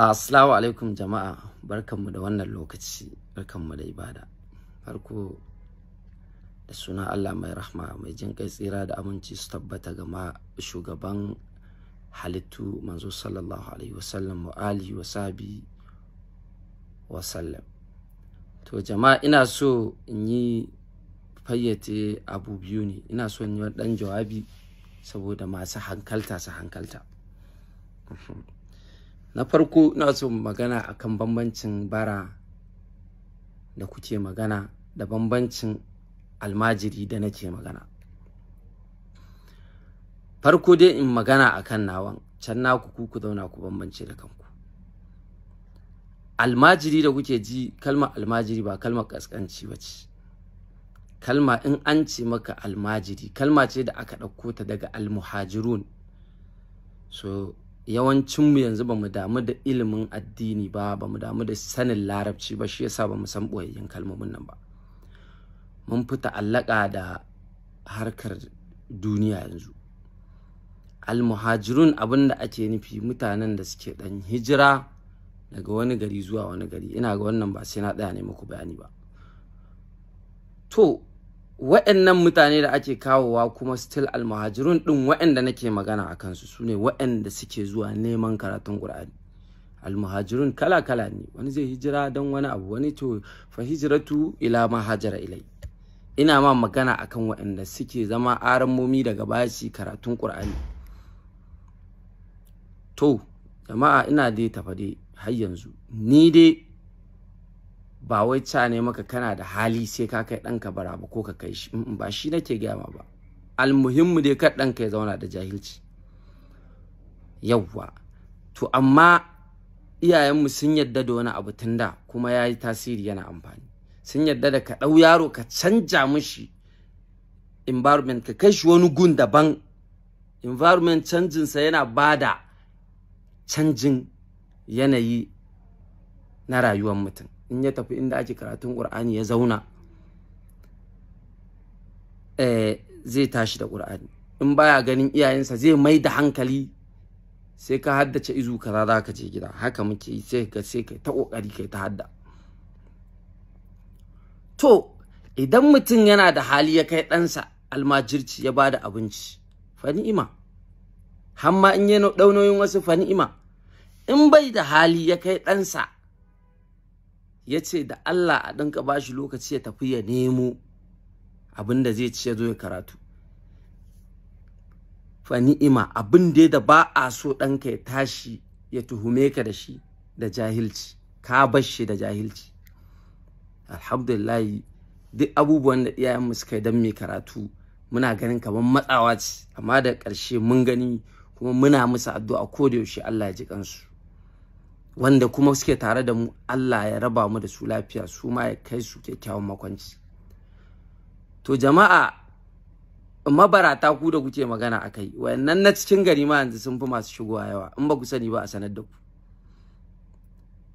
Assalamu alaikum jama'a barkanmu da wannan lokaci barkanmu da ibada farko da suna Allah mai rahma mai jin kai tsira da aminci su tabbata ga shugaban halittu manzo sallallahu alaihi wasallam wa alihi wa sabi wa sallam to jama'a ina so in yi fayyace abu biyu ne ina so in yi dan jawabi saboda masu hankalta su hankalta na farko na so magana akan bambancin bara da kuke magana da bambancin almajiri da nake magana farko dai in magana akan nawan can naku ku zauna ku bambance da kanku almajiri da kuke ji kalma almajiri ba kalmar kaskanci ba ce kalma in an ce maka almajiri kalma ce da aka ɗauko ta daga almuhajirun so yawancinmu yanzu ba mu damu da ilimin addini ba ba mu damu da sanin larabci ba shi yasa ba mu san ɓoyayyen kalmomin nan ba mun fi ta'allaka da harkar duniya yanzu almuhajirun abin ake nufi mutanen da suke ɗan hijira daga wani gari zuwa wani gari ina ga wannan ba sai na ɗaya ne muku bayani ba to wa'annan mutane da ake kawowa kuma still almuhajirun ɗin wa'anda nake magana a kansu su ne wa'anda suke zuwa neman karatun ƙur'ani almuhajirun kala-kala ne wani zai hijira don wani abu wani to fa hijiratu ila ma hajara ilai ina ma magana akan wa'anda suke zama aramomi daga bashi karatun ƙur'ani to jama'a ina dai tafade har yanzu ni dai ba wai ca ne maka kana da hali sai ka kai ɗanka bara ba ko ka kai shi ba shi nake gaya gyama ba almuhimmu dai kar ɗanka ya zauna da jahilci yawwa to amma iyayenmu sun yadda da wani abu da kuma ya yi tasiri yana amfani sun yadda da ka ɗau yaro ka canja mishi environment ka kai shi wani gun daban environment canjinsa yana ba da canjin yanayi na rayuwar mutum in ya tafi inda ake karatun ƙur'ani ya zauna eh, zai tashi da ƙur'ani in baya ganin iyayensa zai mai da hankali sai ka haddace izu kaza za ka je gida haka muke yi sai ka sai ka ta ƙoƙari kai ta hadda to idan mutum yana da hali ya kai ɗansa almajirci ya ba da abinci fani'ima hamma in yi daunoyin wasu fani'ima in bai da hali ya kai ɗansa ya ce da Allah a ɗinka ba shi lokaci ya tafi ya nemo abin da zai ci ya zo ya karatu fa ni'ima abin dai da ba a so ɗanka ya tashi ya tuhume ka da shi da jahilci ka bar shi da jahilci alhamdulillahi duk abubuwan da mu suka yi don mai karatu muna ganin kamar matsawa ce amma da ƙarshe mun gani kuma muna musu addu'a ko da yaushe Allah ya ji kansu wanda kuma suke tare da mu Allah ya raba mu da su lafiya su ma ya kai su kyakkyawan makwanci to jama'a mabarata ku da kuke magana a kai wayannan na cikin gari ma yanzu sun fi masu shigowa yawa in ba ku sani ba a sanar da ku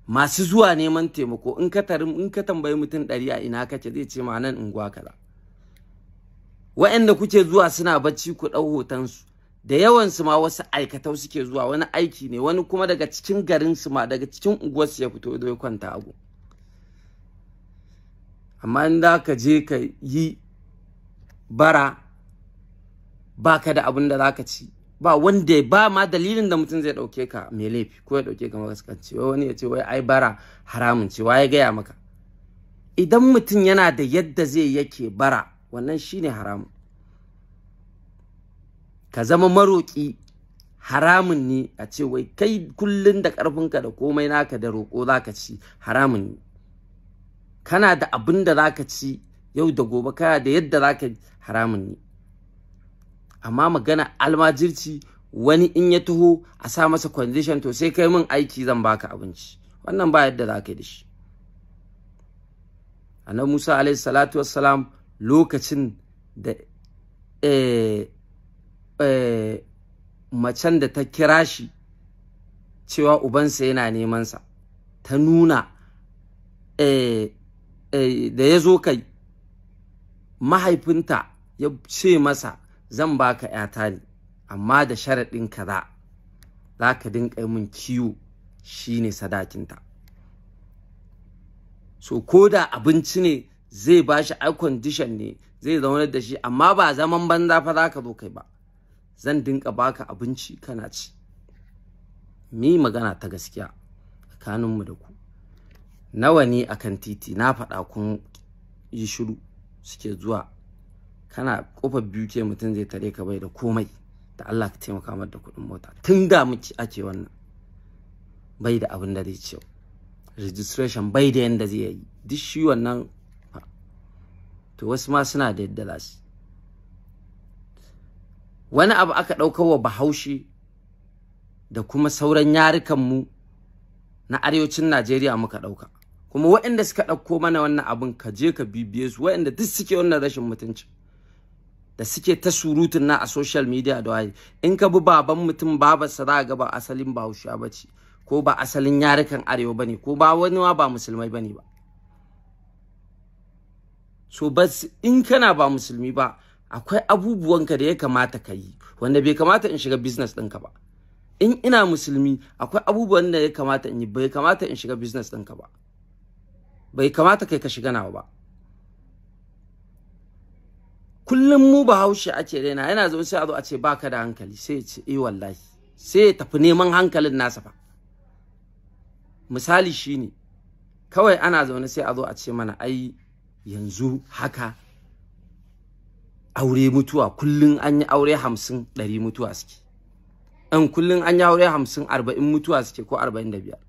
masu zuwa neman taimako in ka tarin in ka tambayi mutum ɗari a ina kake zai ce ma nan unguwa kaza wa'anda kuke zuwa suna bacci ku ɗau hotonsu da yawansu ma wasu aikatau suke zuwa wani aiki ne wani kuma daga cikin garinsu ma daga cikin unguwarsu ya fito ya kwanta abu amma in da ka je ka yi bara ba ka da abin da za ka ci ba wanda ba ma dalilin da mutum zai ɗauke ka mai laifi ko ya ɗauke ka makaskanci wai wani ya ce wai ai bara haramun cewa ya gaya maka idan mutum yana da yadda zai yake bara wannan shine haramun ka zama maroƙi haramun ne a ce wai kai kullun da ƙarfinka da komai naka da roƙo zaka ci haramun ne kana da abin da za ci yau da gobe kana da yadda zaka ka haramun ne amma magana almajirci wani in ya taho a sa masa condition to sai kai min aiki zan baka abinci wannan ba yadda zaka ka yi da shi annabi musa alaihi salatu wassalam lokacin da eh, Eh, macen da ta kira shi cewa ubansa yana neman sa ta nuna eh, eh, da ya zo kai mahaifinta ya ce masa zan baka ‘yata ne amma da sharaɗin kaza za ka dinka min kiwo shi ne sadakinta so ko da abinci ne zai ba shi condition ne zai zaunar da shi amma ba zaman banza fa za ka zo kai ba zan dinka baka abinci kana ci mi magana ta gaskiya tsakaninmu da ku nawa ne akan titi na faɗa kun yi shiru suke zuwa kana kofar biyu ce mutum zai tare ka bai da komai da Allah ka taimaka mar da kuɗin mota tun da muke ake wannan bai da abin da zai ce registration bai da yanda zai yi duk shi wannan to wasu ma suna da yadda za su wani abu aka ɗauka wa bahaushe da kuma sauran yarukanmu na arewacin najeriya muka ɗauka kuma waɗanda suka ɗauko mana wannan abin ka je ka bibiye su waɗanda duk suke wannan rashin mutunci da suke ta surutun na a social media da waye in ka bi baban mutum babarsa za ga ba asalin bahaushe ba ce ko ba asalin yarukan arewa ba ne ko ba wani ma ba musulmai ba ne ba so in kana ba musulmi ba akwai abubuwanka da ya kamata ka yi wanda bai kamata in shiga business ɗinka ba in ina musulmi akwai abubuwan da ya kamata in yi bai kamata in shiga business ɗinka ba bai kamata kai ka shiga nawa ba kullum mu bahaushe ake raina yana zaune sai a zo a ce baka da hankali sai ya ce eh wallahi sai ya tafi neman hankalin nasa fa misali shine kawai ana zaune sai a zo a ce mana ai yanzu haka aure mutuwa kullun an yi aure hamsin ɗari mutuwa suke Ɗan kullun an yi aure hamsin arba'in mutuwa suke ko arba'in da biyar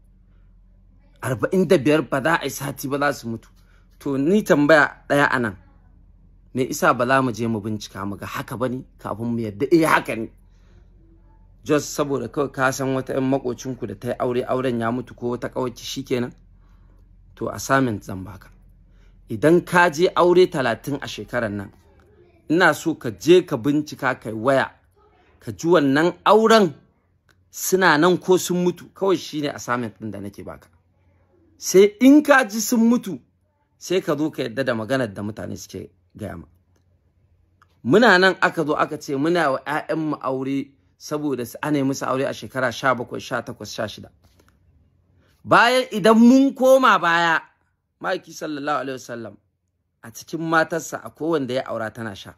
arba'in da biyar ba za a yi sati ba za su mutu to ni tambaya ɗaya a nan me isa ba za mu je mu bincika mu ga haka ba ne kafin mu yadda eh haka ne just saboda kawai ka san wata yan makocinku da ta yi aure auren ya mutu ko wata kawace shikenan to assignment zan baka idan ka je aure talatin a shekarar nan ina so ka je ka bincika kai waya ka ji wannan auren suna nan ko sun mutu kawai shine assignment ɗin da nake baka sai in ka ji sun mutu sai ka zo ka yadda da maganar da mutane suke gaya ma muna nan aka zo aka ce muna wa mu aure saboda su ana musu aure a shekara 17 18 shida. bayan idan mun koma baya maki sallallahu alaihi wasallam a cikin matarsa a kowanda ya aura tana sha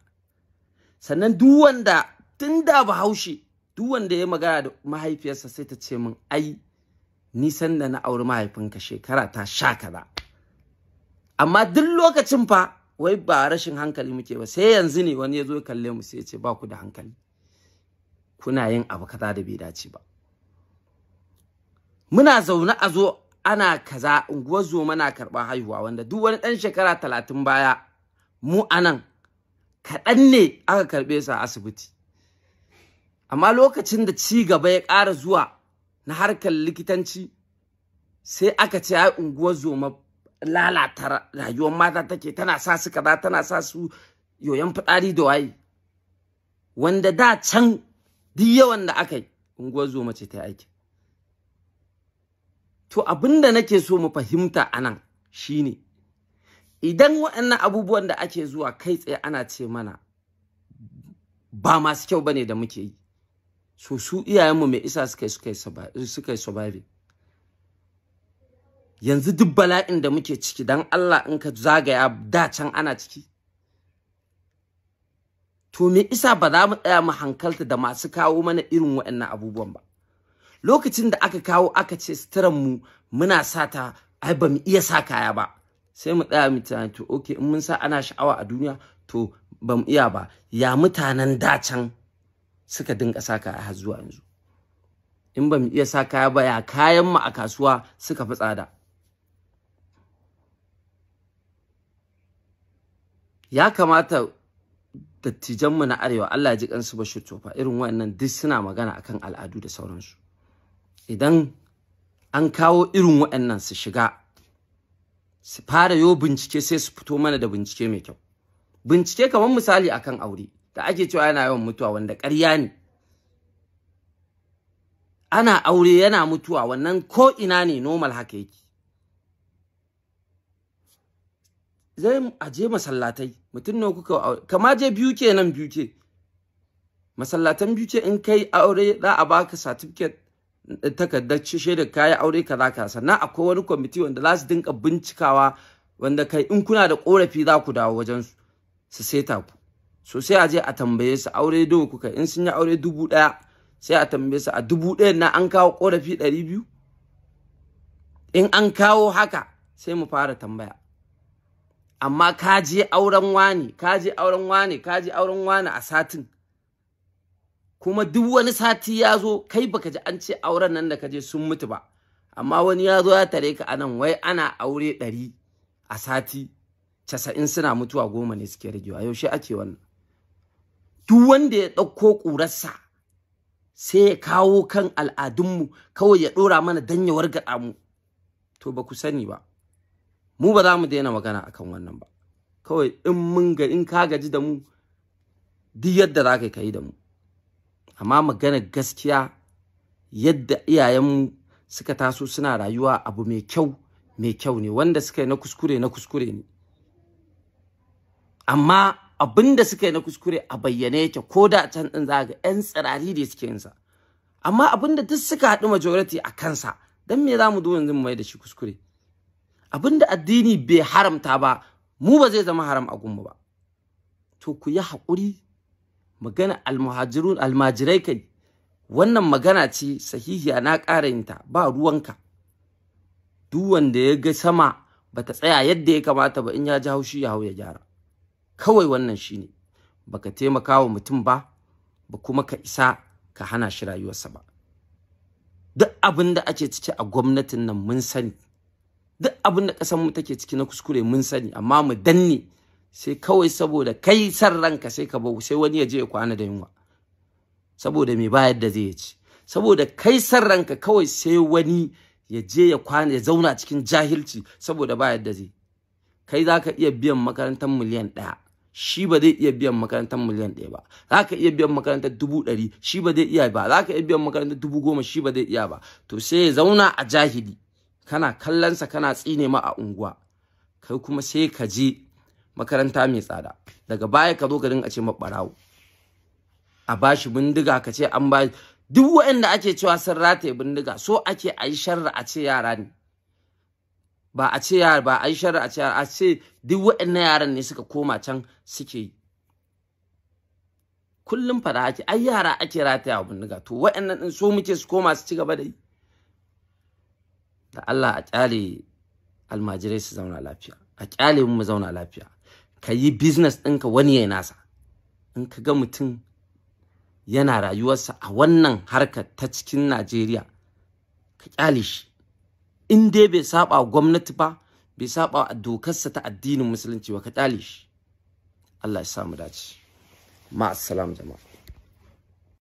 sannan duk wanda tun da bahaushe duk wanda ya magana da mahaifiyarsa sai ta ce min ai nisan da na auri mahaifinka shekara ta sha kaza amma duk lokacin fa wai ba rashin hankali muke ba sai yanzu ne wani ya zo kalle mu sai ya ce ba ku da hankali kuna yin abu kaza da bai dace ba muna zaune a zo ana kaza unguwar zoma na karɓar haihuwa wanda duk wani ɗan shekara talatin baya mu anan kaɗan ne aka karɓe su a asibiti amma lokacin da ci gaba ya ƙara zuwa na harkar likitanci sai aka ce ai unguwar zoma lalata rayuwar mata take tana sa su kaza tana sa su yoyon fitsari da waye wanda da can duk yawan da aka yi unguwar zoma ce ta aiki to abin da nake so mu fahimta anan shine idan waɗannan abubuwan da ake zuwa kai tsaye ana ce mana ba masu kyau ba ne da muke yi so su iyayenmu mai isa suka yi suka yanzu duk bala'in da muke ciki dan Allah in ka zagaya da can ana ciki to me isa ba za mu tsaya mu hankalta da masu kawo mana irin waɗannan abubuwan ba lokacin da aka kawo aka ce suturan mu muna sata ai ba mu iya sa kaya ba sai mu tsaya mu tunani to okay in mun sa ana sha'awa a duniya to ba mu iya ba ya mutanen dacan suka dinga sa kaya har zuwa yanzu in ba mu iya sa kaya ba ya kayan mu a kasuwa suka fi tsada ya kamata dattijanmu na arewa Allah ya ji kansu shi tofa irin wannan duk suna magana akan al'adu da sauransu idan an kawo irin waɗannan su shiga su fara yo bincike sai su fito mana da bincike mai kyau bincike kamar misali akan aure da ake cewa yana yawan mutuwa wanda ƙarya ne ana aure yana mutuwa wannan ko ina ne normal haka yake zai aje masallatai mutum ne kuka kama je biyu ke nan biyu ke masallatan biyu ce in kai aure za a baka certificate takardar shaidar kayan aure kaza kaza sannan akwai wani kwamiti wanda za su dinka bincikawa wanda kai in kuna da korafi za ku dawo wajen su su seta ku so sai a je a tambaye su aure dawa kuka in sun yi aure dubu ɗaya sai a tambaye su a dubu daya na an kawo korafi ɗari biyu in an kawo haka sai mu fara tambaya amma ka je auren wani ka je auren wani ka je auren wani a satin kuma duk wani sati ya zo kai baka ji an ce auren nan da ka je sun mutu ba amma wani ya zo ya tare ka anan wai ana aure ɗari a sati casa'in suna mutuwa goma ne suke ragewa yaushe ake wannan duk wanda ya ɗauko ƙurarsa sai ya kawo kan al'adunmu kawai ya ɗora mana dan ya wargaɗa mu to ba ku sani ba mu ba za mu daina magana akan wannan ba kawai in mun ga in ka gaji da mu duk yadda za ka yi da mu amma magana gaskiya yadda iyayenmu suka taso suna rayuwa abu mai kyau mai kyau ne wanda suka yi na kuskure na kuskure ne amma abin da suka yi na kuskure a bayyane yake ko da can din za ga 'yan tsirari da suke yinsa amma abin da duk suka haɗu majority a kansa don me za mu zo yanzu mai da shi kuskure abin da addini bai haramta ba mu ba zai zama haram a gunmu ba to ku yi haƙuri magana almuhajirun almajirai kai wannan magana ce sahihiya na ƙara yinta ba ruwanka duk wanda ya ga sama bata tsaya yadda ya kamata ba in ya ji haushi ya hau ya gyara kawai wannan shine baka taimaka wa mutum ba ba kuma ka isa ka hana shi rayuwarsa ba duk abin da ake ciki a gwamnatin nan mun sani duk abin da ƙasar mu take ciki na kuskure mun sani amma mu danne sai kawai saboda kai san ranka sai ka sai wani ya je ya kwana da yunwa saboda mai bayar da zai ya ci saboda kai san ranka kawai sai wani ya je ya kwana ya zauna cikin jahilci saboda bayar da zai kai za ka iya biyan makarantar miliyan ɗaya shi ba zai iya biyan makarantar miliyan ɗaya ba za ka iya biyan makarantar dubu ɗari shi ba zai iya ba za ka iya biyan makarantar dubu goma shi ba zai iya ba to sai ya zauna a jahili kana kallonsa kana tsine ma a unguwa kai kuma sai ka je makaranta mai tsada daga baya ka zo ka dinga ce maɓarawo a bashi bindiga ka ce an ba duk waɗanda ake cewa sun rataye bindiga so ake a yi a ce yara ne ba a ce yara ba a yi a ce yara a ce duk waɗannan yaran ne suka koma can suke yi kullum fada ake ai yara ake rataye a bindiga to waɗannan ɗin so muke su koma su ci gaba da yi da Allah a ƙyale almajirai su zauna lafiya a ƙyale mu zauna lafiya ka yi business ɗinka wani ya nasa in ka ga mutum yana rayuwarsa a wannan harkar ta cikin Najeriya ka kyale shi in dai bai saba gwamnati ba bai saba dokarsa ta addinin musulunci ba ka kyale shi Allah ya samu dace ma jama'a